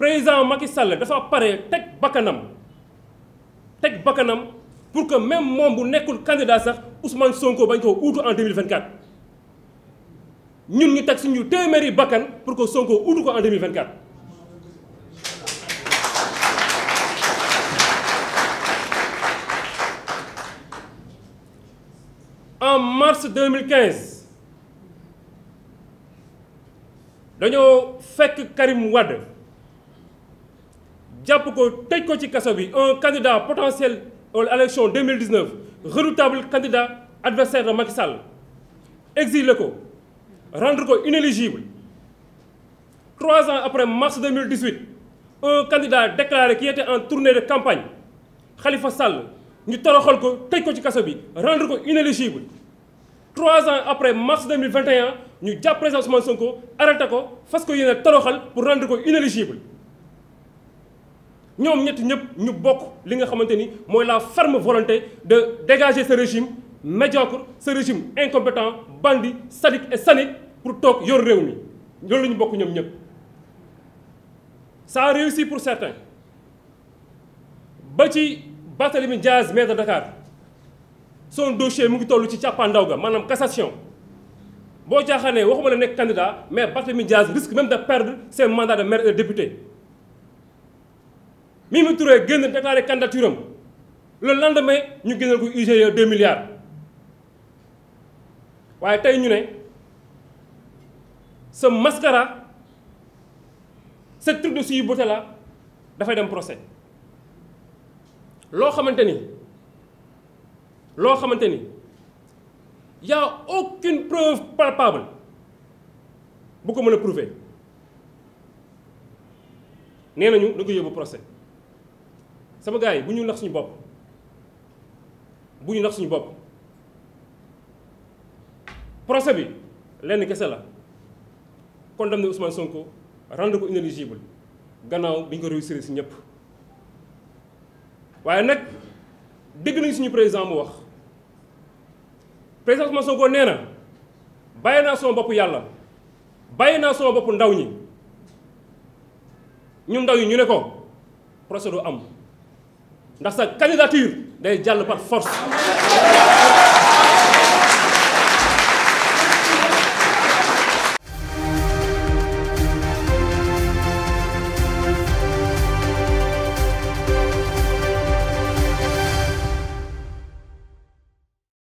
président Macky Sall dafa paré Un bakanam tek bakanam pour que même mom bu nekul candidat sax Ousmane Sonko bañ ko en 2024 ñun ñu tek suñu téméri bakan pour que Sonko outou ko en 2024. en mars 2015 avons Fek Karim Wade. Diapoko ko Kasobi, un candidat potentiel à l'élection 2019 redoutable candidat adversaire de Macky Sall exilé rendre le inéligible trois ans après mars 2018 un candidat déclaré qui était en tournée de campagne Khalifa Sall nous toroxal ko tëj ko rendre le inéligible trois ans après mars 2021 nous avons président Ousmane Sonko arrêté ko fasse pour rendre le inéligible nous sommes ñu li la ferme volonté de dégager ce régime médiocre ce régime incompétent bandit sadique et sanique pour tout yor réew Nous loolu la ñu bokk ça a réussi pour certains ba ci Barthélémy Diaz maire de Dakar son dossier mu ngi toll ci càppaandaw ga maanaam cassation Si jaaxaanee waxuma la candidat mais Barthélémy Diaz risque même de perdre ses mandats de maire et de député Mimi Touré génn déclaré candidature le lendemain ñu avons ko UGE 2 milliards waaye tey ñu ne ce mascara ce truc de suivi beauté là dafay dem procès loo xamante ni loo xamante Il n'y a aucune preuve palpable bu ko mën prouver Nous nañu da ko procès sama gars yi bu ñu nax suñu bopp bu ñu nax suñu bopp proce bi lenn kese la kon condamné Ousmane Sonko rendre ko inéligible gannaaw bi ñu ko réussir si ñëpp waaye nag dégg nañu suñu président mu wax président Ousmane Sonko nee na bàyyi naa sama bopp yàlla bàyyi naa sama bopp ndaw ñi ñun ndaw yi ñu ne ko procès du am. ndax sa candidature day jàll par force